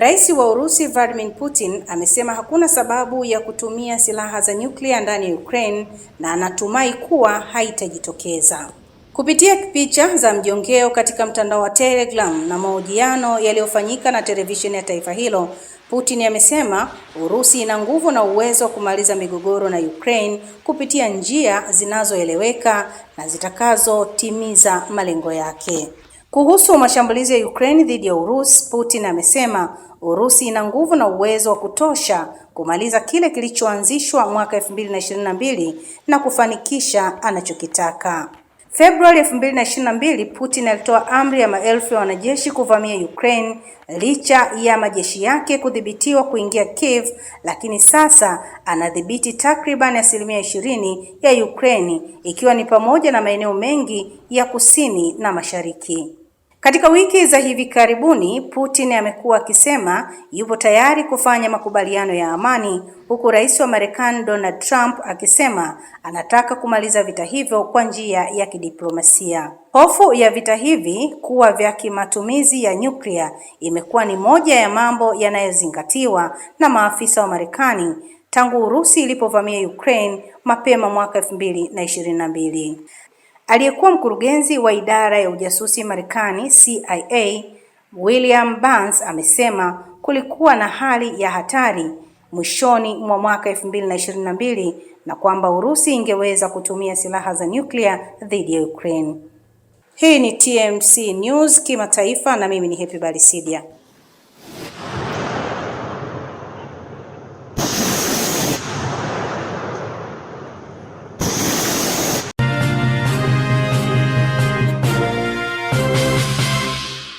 Rais wa Urusi Vladimir Putin amesema hakuna sababu ya kutumia silaha za nyuklia ndani ya Ukraine na anatumai kuwa haitajitokeza. Kupitia picha za mjongeo katika mtandao wa Telegram na mahojiano yaliyofanyika na televisheni ya taifa hilo, Putin amesema Urusi ina nguvu na uwezo wa kumaliza migogoro na Ukraine kupitia njia zinazoeleweka na zitakazotimiza malengo yake. Kuhusu mashambulizi ya Ukraine dhidi ya Urusi, Putin amesema Urusi ina nguvu na uwezo wa kutosha kumaliza kile kilichoanzishwa mwaka 2022 na kufanikisha anachokitaka. Februari 2022, Putin alitoa amri ya maelfu ya wanajeshi kuvamia Ukraine licha ya majeshi yake kudhibitiwa kuingia Kiev, lakini sasa anadhibiti takriban asilimia 20 ya Ukraine ikiwa ni pamoja na maeneo mengi ya kusini na mashariki. Katika wiki za hivi karibuni, Putin amekuwa akisema yupo tayari kufanya makubaliano ya amani, huku Rais wa Marekani Donald Trump akisema anataka kumaliza vita hivyo kwa njia ya kidiplomasia. Hofu ya vita hivi kuwa vya kimatumizi ya nyuklia imekuwa ni moja ya mambo yanayozingatiwa na maafisa wa Marekani tangu Urusi ilipovamia Ukraine mapema mwaka 2022. Aliyekuwa mkurugenzi wa idara ya ujasusi Marekani CIA William Burns amesema kulikuwa na hali ya hatari mwishoni mwa mwaka 2022 na kwamba Urusi ingeweza kutumia silaha za nyuklia dhidi ya Ukraine. Hii ni TMC News Kimataifa na mimi ni Happy Balisidia.